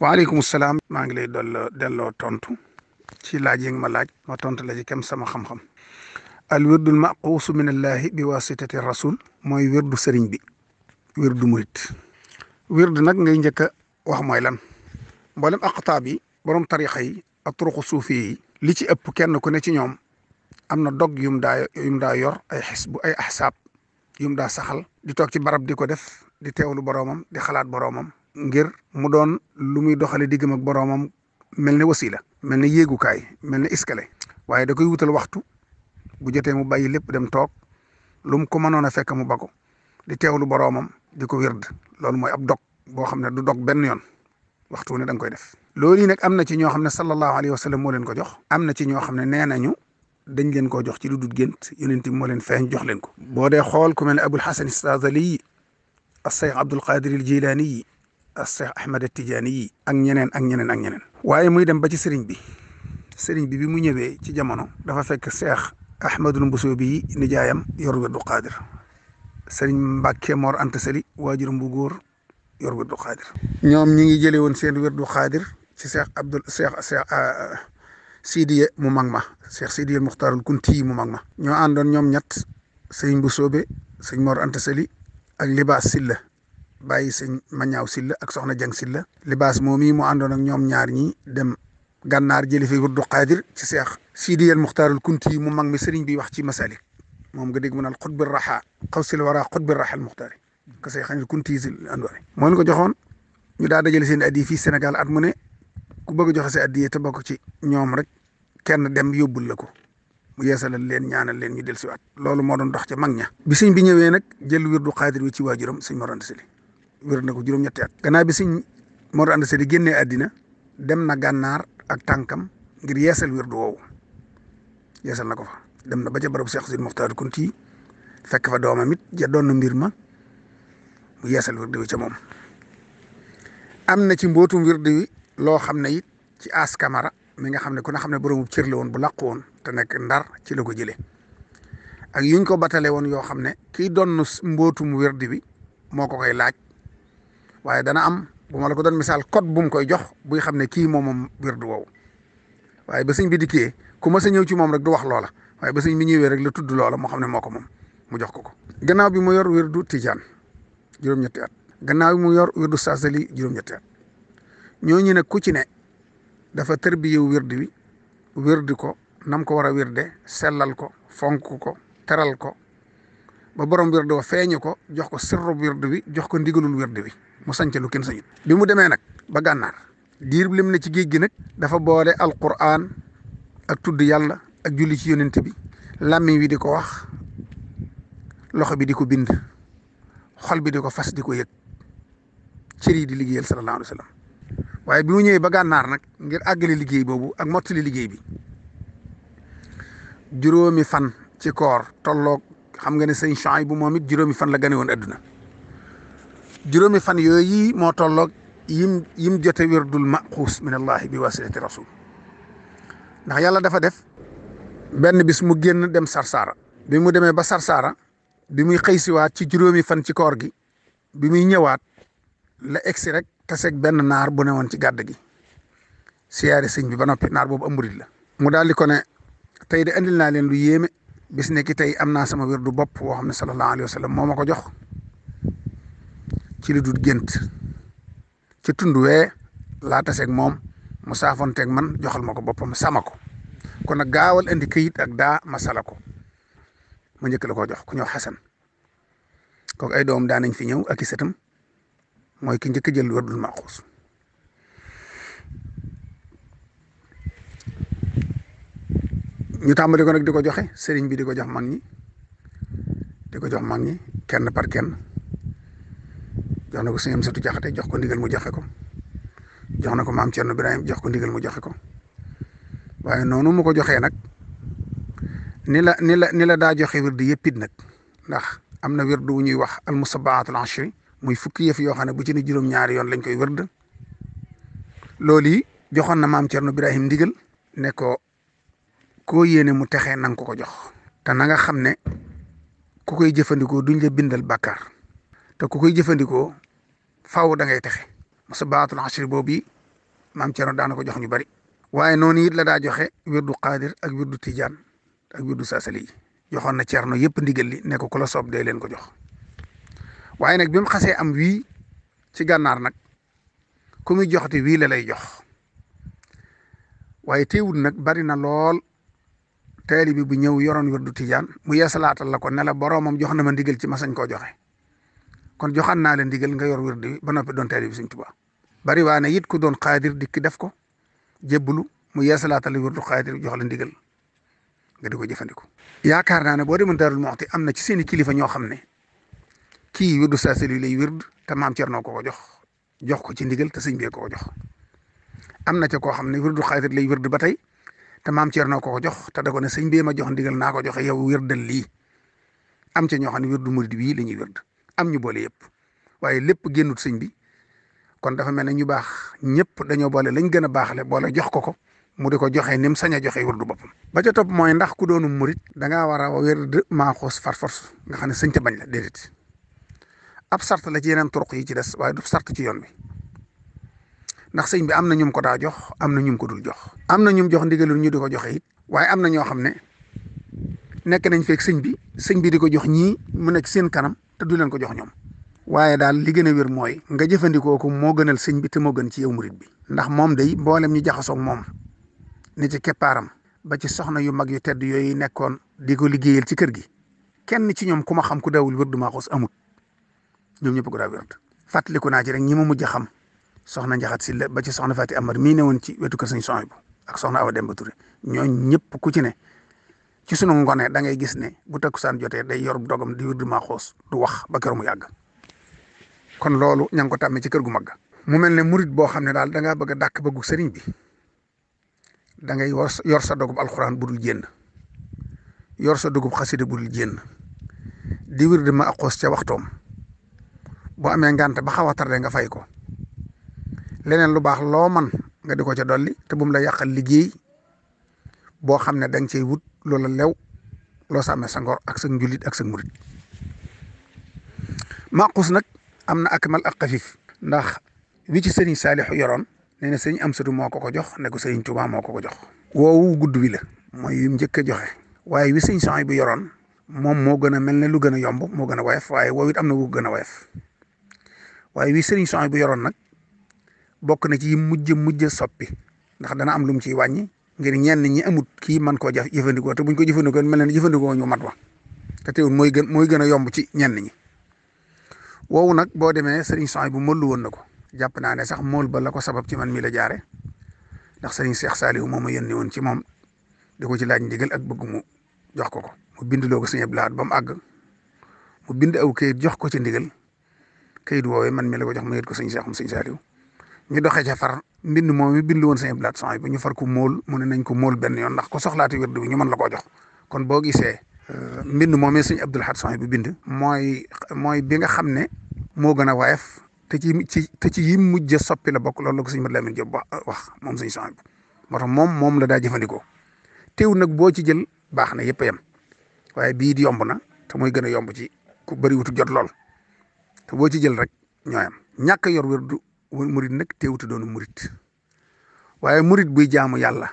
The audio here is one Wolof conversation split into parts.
وعليكم السلام ما نقول دل دل تونتو شيء لاجين ملاج ما تونت لاجي كم سما خم خم الورد المعقوس من الله بواسطة الرسول ما يورد سرين بي ورد مريت ورد نك نجي نجك وهم يلان بعلم أقطابي برم طريقي الطرق الصوفية لتي أب كان نكون نتي نعم أمنا دوغ يوم دا يوم دا يور أي حسب أي أحساب يوم دا سخل دي توكتي برب دي كودف دي تيولو برامم دي خلات برامم ngir mu doon lu muy doxale diggam ak boroomam mel ne wasila mel ne yéegukaay mel ne iskale waaye da koy wutal waxtu bu jotee mu bàyyi lépp dem toog lu mu ko mënoon a fekk mu bako di teewlu boroomam di ko wird loolu mooy ab dog boo xam ne du dog benn yoon waxtu ne da nga koy def loolu yi nag am na ci ñoo xam ne sallallahu alayhi wa sallam moo leen ko jox am na ci ñoo xam ne nee ñu dañ leen koo jox ci lu dul gént yonent bi moo leen feeñ jox leen ko boo dee xool ku mel ne abul hasan istazali yi as cheikh abdul qadir al jilani Cheikh Ahmed Tidiane yi ak ñeneen ak ñeneen ak ñeneen. waaye muy dem ba ci sëriñ bi sëriñ bi bi mu ñëwee ci jamono dafa fekk Cheikh Ahmadul Mbusoo bi nijaayam yor wirdu Qaadir sëriñ Mbàkke Mor Anta Sali waajuram bu góor yor wirdu Qaadir. ñoom ñi ngi jëlee woon seen wirdu Qaadir ci Cheikh Abdul Cheikh Cheikh. Ah, Sidiye mu mag ma Cheikh Sidiye Muxtaarul Kunti mu mag ma ñoo àndoon ñoom ñett bu soobe sëñ Mor Anta Sali ak Libaas Silla bàyyi sëñ Mañaaw Silla ak soxna Jang Silla libaas moom yi mu àndoon ak ñoom ñaar ñi dem gànnaar jëli fi wirdu Xaadir ci seex Sidi al Muxtaarul Kunti mu mag mi sëriñ bi wax ci masalik moom nga dégg mu naan xutbi raxa xawsil wara xutbi raxa al Muxtaari ka seex al Kunti si andoone moo ñu ko joxoon ñu daa dajale seen addi fii senegal at mu ne ku bëgg joxe sa addi te bokk ci ñoom rek kenn dem yóbbul la ko mu yeesalal leen ñaanal leen ñu dellusiwaat loolu moo doon dox ca mag ña bi sëñ bi ñëwee nag jël wirdu Xaadir wi ci waajuram sëñ Mor Anta Sali wér na ko juróom-ñetti at. gannaaw bi sëñ Mor Anta Sali génnee àddina dem na gànnaar ak tànkam ngir yeesal wér du woowu yeesal na ko fa dem na ba ca barabu Cheikh Sidi Mokhtar Kunti fekk fa doomam it ja doon mbir ma mu yeesal wér du wi ca moom. am na ci mbootum wér du wi loo xam ne it ci as kamara mi nga xam ne ku ne xam ne boroomub cër la woon bu làqu woon te nekk ndar ci la ko jëlee. ak yuñ ko batale woon yoo xam ne kiy doon mbootum wérdi bi moo ko koy laaj waaye dana am bu ma la ko doon misaal code bu mu koy jox buy xam ne kii moom wirdu woowu waaye ba sëñ bi dikkee ku ma sa ñëw ci moom rek du wax loola waaye ba sëñ bi ñëwee rek la tudd loola moo xam ne moo ko moom mu jox ko ko. gannaaw bi mu yor wirdu tijaan juróom-ñetti at gannaaw bi mu yor wirdu saasali juróom-ñetti at ñooñu nag ku ci ne dafa tërbiyew wird wi wird ko nam ko war a wirde sellal ko fonk ko teral ko. ba borom wird wa feeñu ko jox ko sirru wird bi jox ko ndigalul wird bi mu sanc lu kenn sañut bi mu demee nag ba gànnaar diir lim na ci géej gi nag dafa boole alquran ak tudd yàlla ak julli ci yonent bi làmmiñ wi di ko wax loxo bi di ko bind xol bi di ko fas di ko yëg cër di liggéeyal sallallahu alayhi wa waaye bi mu ñëwee ba gànnaar nag ngir àggale liggéey boobu ak mottali liggéey bi juróomi fan ci koor tollook xam nga ne sëñ Chouaïbou moom it juróomi fan la gane woon adduna juróomi fan yooyu moo tolloog yim yim jote wirdul maxuus min allahi bi wasilati rasul ndax yàlla dafa def benn bis mu génn dem sarsaara bi mu demee ba sarsaara bi muy xëysiwaat ci juróomi fan ci koor gi bi muy ñëwaat la egsi rek taseeg benn naar bu ne woon ci gàdd gi siyaare sëñ bi ba noppi naar boobu amurit la mu daal di ko ne tey de andil naa leen lu yéeme bis ne tey am naa sama wirdu bopp woo xam ne sallallahu alayhi wa sallam moo ma ko jox ci li dul gént ci tund wee laa taseeg moom mu saafonteeg man joxal ma ko boppam sama ko kon nag gaawal indi këyit ak daa masala ko ma njëkk la koo jox ku ñëw xasan kooku ay doom daanañ fi ñëw ak i mooy ki njëkk jël wërdul maxuus ñu tàmbali ko nag di ko joxe sëriñ bi di ko jox man ñi di ko jox man ñi kenn par kenn jox na ko sëñ Amsatu Jaxate jox ko ndigal mu joxe ko jox na ko maam Cerno Birahim jox ko ndigal mu joxe ko waaye noonu mu ko joxee nag ni la ni la ni la daa joxe wird yëpp it nag ndax am na wird wu ñuy wax al musabaatul ashri muy fukki yëf yoo xam ne bu ci ni juróom-ñaari lañ koy wird joxoon na maam Cerno Birahim ndigal ne ko ko yéene mu texee nang ko ko jox te nanga xam ne ku koy jëfandikoo duñ la bindal bàkkaar te ku koy jëfandikoo faw da ngay texe masa baatul asri boobu yi maam Thierno daan na ko jox ñu bari waaye noonu it la daa joxe du qaadir ak wirdu tijaan ak wirdu saasali yi joxoon na Thierno yëpp ndigal li ne ko ku la soob leen ko jox waaye nag bi mu am wii ci gànnaar nag ku muy joxati wii la lay jox waaye teewul nag bari na lool taalibi bu ñëw yoroon wirdu tiijaan mu yeesalaatal la ko ne la boroomam jox na ma ndigal ci ma sañ koo joxe kon joxaan naa la ndigal nga yor wirdu bi ba noppi doon taalibi Sëñ Tuubaa bari waa ne it ku doon xaadir dikk def ko jébbalu mu yeesalaatal la wirdu xaadir jox la ndigal nga di ko jëfandiku. yaakaar naa ne boo demoon Daarul Muxti am na ci seeni kilifa ñoo xam ne kii wirdu saa seli lay wird te ko ko jox jox ko ci ndigal te sëñ bee ko ko jox am na ca koo xam ne wirdu xaadir lay wird ba tey te maam Thierno ko ko jox te da ko ne sëñ bee ma jox ndigal naa ko joxe yow wérdal lii am ci ñoo xam ne wérdu murid bii la ñuy wérd am ñu boole yëpp waaye lépp génnut sëñ bi kon dafa mel ne ñu baax ñëpp dañoo boole lañ gën a baaxale boole jox ko ko mu di ko joxe ni mu joxe wérdu boppam. ba ca topp mooy ndax ku doonu murid da ngaa war a wérd maaxoos far force nga xam ne sëñ te bañ la déedéet ab sart la ci yeneen turuq yi ci des waaye du sart ci yoon bi ndax sëñ bi am na ñum ko daa jox am na ñum ko dul jox am na ñum jox ndigalul ñu di ko joxe it waaye am na ñoo xam ne nekk nañ feek sëñ bi sëñ bi di ko jox ñii mu nekk seen kanam te du leen ko jox ñoom waaye daal li gën a wér mooy nga jëfandikoo ko moo gënal sëñ bi te moo gën ci yow rit bi ndax moom day mboolem ñu jaxasoog moom ni ci keppaaram ba ci soxna yu mag yu tedd yooyu nekkoon di ko liggéeyal ci kër gi kenn ci ñoom ku ma xam ku dawul wér du maa xos amut ñoom ñëpp ko daa wér fàttaliku naa ci rek ñi ma mujj xam soxna njaxat si la ba ci soxna Fati Amar mina newon ci wetu seigne soxna bu ak soxna Awa Demba Touré ñoo ñepp ku ci ne ci sunu ngone da ngay gis ne bu takusan joté day yor dogam di wirdu xoss du wax ba kër mu yàgg kon lolu ñango ngi ci kër gu mag mu melne mourid bo xamne dal da nga bëgg dak dàkk bi da ngay yor sa dogub alquran bu dul yor sa dugub khassida bu dul di wirdu ma ci waxtom bo amé ngant ba xawa tardé nga fay ko leneen lu baax loo man nga di ko ca dolli te bu la yàqal liggéey boo xam ne dang nga cey wut loola lew loo sàmmee sa ngor ak sa njulit ak sa murit maqus nag am na akmal ak xafif ndax wi ci sëriñ yoroon nee na sëriñ am satu moo ko ko jox ne ko sëriñ Tuubaa moo ko ko jox woowu gudd wi mooy yu njëkk joxe waaye wi sëriñ soxna bu yoroon moom moo gën a mel ne lu gën a yomb moo gën a waaye woowu it am na wu gën a woyof waaye wi sëriñ soxna bu yoroon nag bokk na ci mujj mujj soppi ndax dana am lu mu ciy wàññi ngir ñenn ñi amut kii mën koo jëfandikoo te buñ ko jëfandikoo mel ne jëfandikoo ñu mat wa te mooy gën mooy gën a yomb ci ñenn ñi woowu nag boo demee sëriñ Soy bu mollu woon na ko jàpp naa ne sax mool ba la ko sabab ci man mi la jaare ndax sëriñ Cheikh Saliou moom a yónni woon ci moom di ko ci laaj ndigal ak bëgg mu jox ko ko mu bindi loo ko sëñ Abdou Lahad ba mu àgg mu bind aw kayit jox ko ci ndigal kayit woowee man mi la ko jox ma yët ko sëñ Cheikh sëñ Saliou ñu doxe ca far mbind moom mi bind woon seen iblaat yi bu ñu far ko mool mu ne nañ ko mool benn yoon ndax ko soxlaati wird bi ñu mën la koo kon boo gisee euh. mbind moom mi sëñ Abdul Ahad Sohaybu bi bind mooy mooy bi nga xam ne moo gën a waayef te ci ci te ci mujj soppi la bokk loolu la ko sëñ Mat Lamin Jóob wax moom sëñ Sohaybu moo tax moom moom la daa jëfandikoo teew nag boo ci jël baax na yëpp yem waaye bii it yomb na te mooy gën a yomb ci ku bëri wutu jot lool te boo ci jël rek ñoo yem ñàkk yor woon murid nak teewutu doon murid, waye murid buy jaamu yalla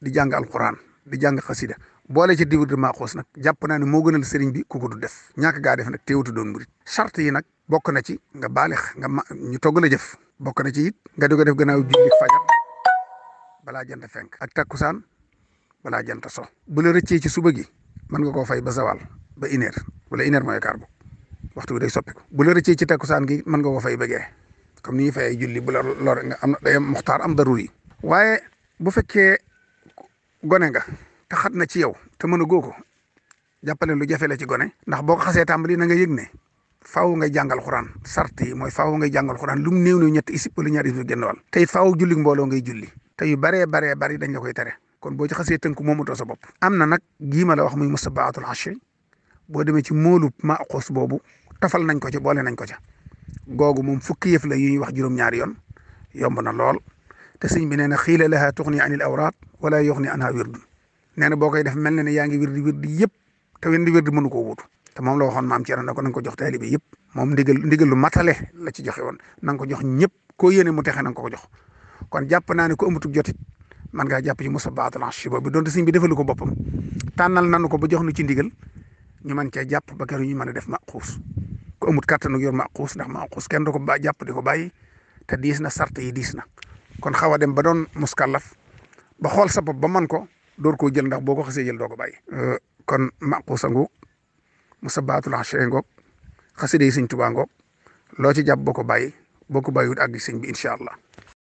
di jang alquran di jàng xasida boole ci diwut ma xoss nak japp na ni mo gënal sëriñ bi ku ko du def ñàkk ga def nak teewutu doon murid charte yi nak bok na ci nga baalex nga ñu togg la jëf bok na ci it nga di def gënaaw julli fajar bala jant fenk ak takusan bala jant so bu le rëccee ci suba gi man nga ko fay ba zawal ba iner wala iner moy mooy waxtu bi day soppiku bu le ci takusan gi man nga ko fay bëggee comme ni ñuy fayee julli bu la lor nga am day muxtaar am daruri waaye bu fekkee gone nga te xat na ci yow te mën a góo ko jàppale lu jafe la ci gone ndax boo ko xasee tàmbali na nga yëg ne faaw ngay jàngal xuraan sart yi mooy faaw ngay jàngal xuraan lu mu néew néew ñetti isib wala ñaari isib génn wàll tey faaw julli mbooloo ngay julli te yu baree bare bari dañ la koy tere kon boo ci xasee tënk moomatoo sa bopp am na nag giima la wax muy mustabaatul hashi boo demee ci moolub ma boobu tafal nañ ko ci boole nañ ko ca غوغو موم fukki يف لا يي واخ جيروم juroom يون يومنا لول تا سيغ بي sëñ خيل لها تغني عن الاوراق ولا يغني عنها ورد yuxni بوكاي داف nee ني ياغي ورد ورد ييب تا ne yaa ngi wirdi ووتو تا موم لا واخون مام koo wuutu نانكو جوخ la waxoon maam Thierno ne ko na nga ko jox taalibe yëpp moom ndigal ndigal lu matale la ci joxe جوخ كون جاب ناني كو ñëpp جوتي man nga jàpp ci ne ko ashib bi don seigne bi defalu ko boppam tànnal ko bu jox nu ci ndigal ñu man ca jàpp ba keru ñu man def ma ku amut kàttanu yor maaxuus ndax maaxuus kenn du ko ba di ko bàyyi te diis na sart yi diis na kon xaw a dem ba doon muskàllaf ba xool sa bopp ba man ko door koo jël ndax boo ko xasee jël doo ko bàyyi. Euh, kon maaxuus a ngoog musabaatul ashee ngoog xasida yi sëñ Tuubaa ngoog loo ci jàpp boo ko bàyyi boo ko bàyyiwut àgg sëñ bi incha allah.